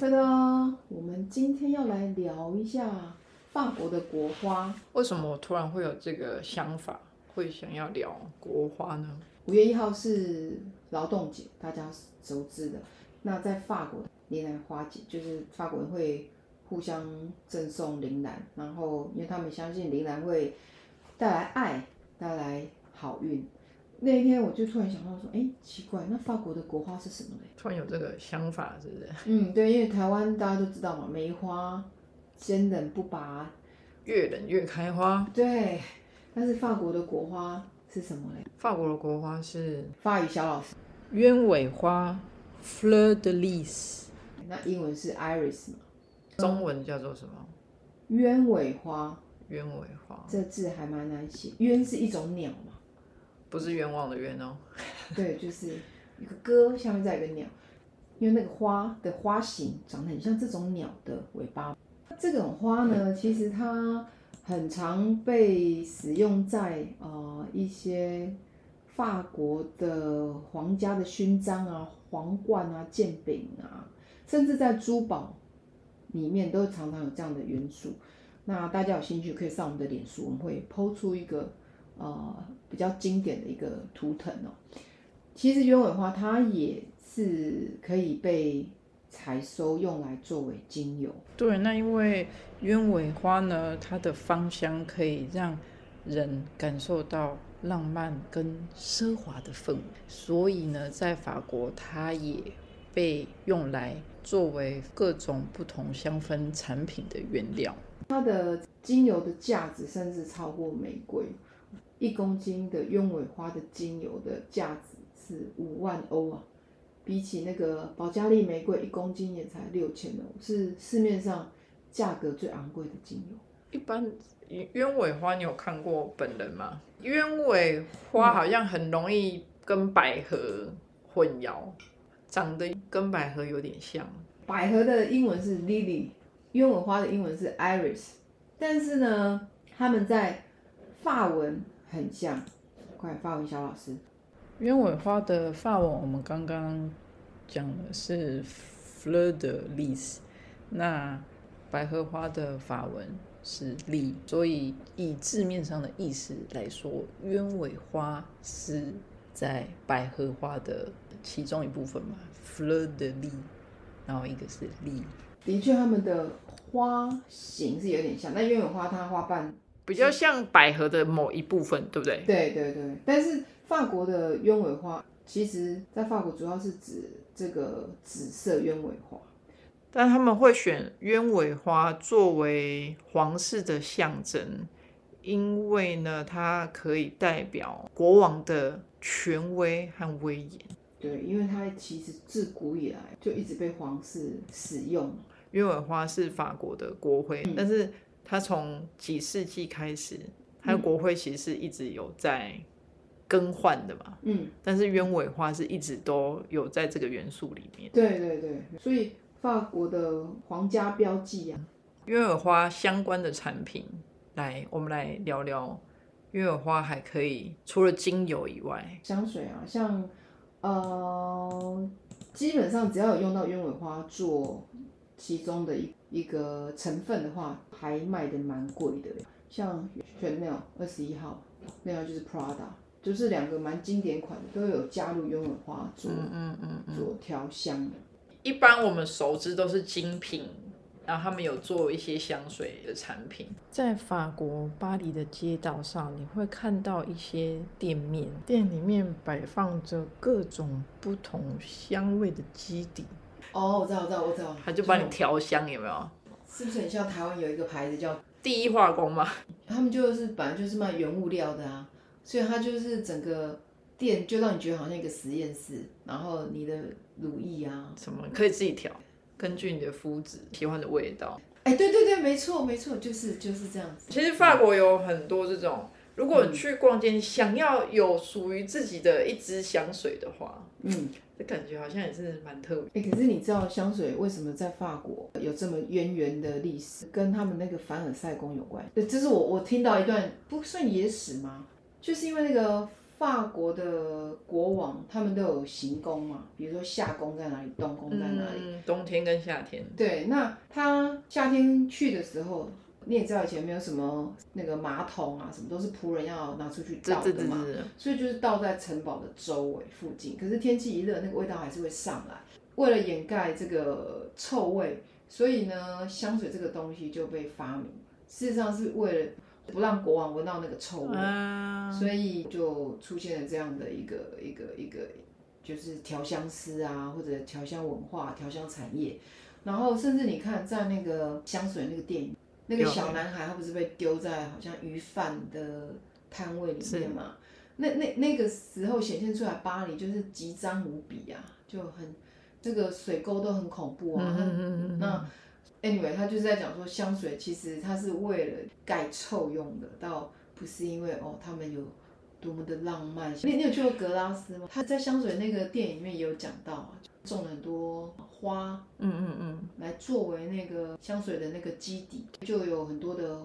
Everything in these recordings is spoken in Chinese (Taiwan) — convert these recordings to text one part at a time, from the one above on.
大家好，我們今天要來聊一下法國的國花。為什麼我突然會有這個想法，會想要聊國花呢？五月一號是勞動節，大家熟知的。那在法國的鈴蘭花節就是法國人會互相贈送鈴蘭，然後因為他們相信鈴蘭會帶來愛，帶來好運，那一天我就突然想到，說：“誒、欸，奇怪，那法國的國花是什麼嘞？”突然有這個想法，是不是？嗯，對，因為台灣大家都知道嘛，梅花，堅忍不拔，越冷越開花。對，但是法國的國花是什麼嘞？法國的國花是法語小老師，鳶尾花 fleur de lis 那英文是 iris 嘛、嗯？中文叫做什麼？鳶尾花。鳶尾花，這字還蠻難寫。鳶是一種鳥嘛？不是冤枉的冤哦， 對，就是一個歌下面再一個鳥，因為那個花的花形長得很像這種鳥的尾巴。這種花呢，其實它很常被使用在呃一些法國的皇家的勳章啊、皇冠啊、劍柄啊，甚至在珠寶裡面都常常有這樣的元素。那大家有興趣可以上我們的臉書，我們會拋出一個。呃，比較經典的一個圖騰哦、喔。其實鳶尾花它也是可以被採收用來作為精油。對，那因為鳶尾花呢，它的芳香可以讓人感受到浪漫跟奢華的氛圍，所以呢，在法國它也被用來作為各種不同香氛產品的原料。它的精油的價值甚至超過玫瑰。一公斤的鳶尾花的精油的價值是五萬歐啊，比起那個保加利玫瑰，一公斤也才六千歐，是市面上價格最昂貴的精油。一般鳶尾花你有看過本人嗎？鳶尾花好像很容易跟百合混淆，嗯，長得跟百合有點像。百合的英文是 lily，鳶尾花的英文是 iris，但是呢，它們在法文很像，快發文，小老師。鳶尾花的法文我們剛剛講的是 fleur de lis，那百合花的法文是 lis，所以以字面上的意思來說，鳶尾花是在百合花的其中一部分嘛，fleur de lis，然後一個是 lis。的確，它們的花型是有點像，但鳶尾花它花瓣。比較像百合的某一部分，嗯，對不對？對對對，但是法國的鳶尾花，其實，在法國主要是指這個紫色鳶尾花。但他們會選鳶尾花作為皇室的象徵，因為呢，它可以代表國王的權威和威嚴。對，因為它其實自古以來就一直被皇室使用。鳶尾花是法國的國徽，嗯，但是。它從幾世紀開始，它的國徽其實是一直有在更換的嘛。嗯，但是鳶尾花是一直都有在這個元素裡面。對對對，所以法國的皇家標記啊，鳶尾花相關的產品，來，我們來聊聊鳶尾花還可以除了精油以外，香水啊，像呃，基本上只要有用到鳶尾花做其中的一。一個成分的話，還賣得蠻貴的蠻貴的，像全繆二十一號，那、mm、家 -hmm. 就是 Prada，就是兩個蠻經典款的，都有加入鳶尾花做，嗯嗯嗯，做調香的。一般我們熟知都是精品，然後他們有做一些香水的產品，在法國巴黎的街道上，你會看到一些店面，店裡面擺放着各種不同香味的基底。哦、oh，我知道，我知道，我知道，他就幫你調香，有沒有？是不是很像台灣有一個牌子叫第一化工嘛？他們就是本來就是賣原物料的啊，所以它就是整個店就讓你覺得好像一個實驗室，然後你的乳液啊什麼可以自己調、嗯，根據你的膚質喜歡的味道。哎、欸，對對對，沒錯沒錯，就是就是這樣子。其實法國有很多這種。如果你去逛街，嗯、想要有屬於自己的一支香水的話，嗯，這感覺好像也是蠻特別、欸。可是你知道香水為什麼在法國有這麼淵源的歷史，跟他們那個凡爾賽宮有關？對，這、就是我我聽到一段不算野史嗎？就是因為那個法國的國王，他們都有行宮嘛，比如說夏宮在哪裡，冬宮在哪裡、嗯，冬天跟夏天。對，那他夏天去的時候。你也知道以前沒有什麼那個馬桶啊，什麼都是僕人要拿出去倒的嘛，所以就是倒在城堡的周圍附近。可是天氣一熱，那個味道還是會上來。為了掩蓋這個臭味，所以呢，香水這個東西就被發明。事實上是為了不讓國王聞到那個臭味，所以就出現了這樣的一個一個一個，就是調香師啊，或者調香文化、調香產業。然後甚至你看，在那個香水那個電影。那個小男孩，他不是被丟在好像魚販的攤位裡面嘛？那那那個時候顯現出來，巴黎就是極髒無比啊，就很這個水溝都很恐怖啊。嗯嗯那 anyway，他就是在講說香水其實他是為了蓋臭用的，倒不是因為哦他們有，多麼的浪漫！你你有去過格拉斯嗎？他在香水那個店裡面也有講到啊，種了很多花，嗯嗯嗯，來作為那個香水的那個基底，就有很多的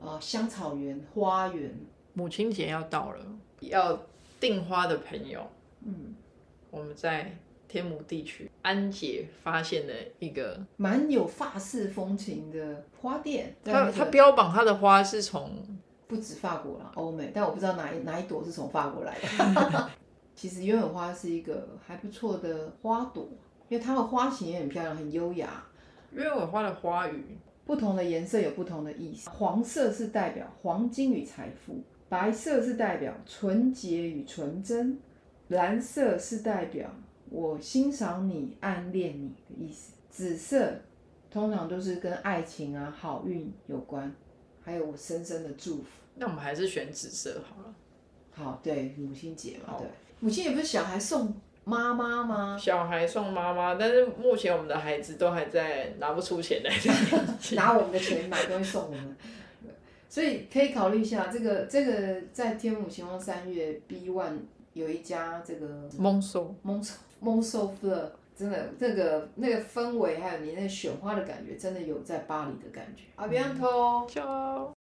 呃香草園、花園。母親節要到了，要訂花的朋友，嗯，我們在天母地區安姐發現了一個蠻有法式風情的花店，那個、他他標榜他的花是從。不止法國啦，歐美，但我不知道哪一哪一朵是從法國來的。 其實鳶尾花是一個還不錯的花朵，因為它的花型也很漂亮，很優雅。鳶尾花的花語，不同的顏色有不同的意思。黃色是代表黃金與財富，白色是代表純潔與純真，藍色是代表我欣賞你、暗戀你的意思。紫色通常都是跟愛情啊、好運有關，還有我深深的祝福。那我們還是選紫色好了。好，對母親節嘛，對，母親節不是小孩送媽媽嗎？小孩送媽媽，但是目前我們的孩子都還在拿不出錢來， 拿我們的錢買東西 送我們。所以可以考慮一下這個，這個在天母新光三越 B One 有一家這個蒙索蒙索蒙索的，真的那個那個氛圍，還有你那個選花的感覺，真的有在巴黎的感覺。阿別樣偷 Ciao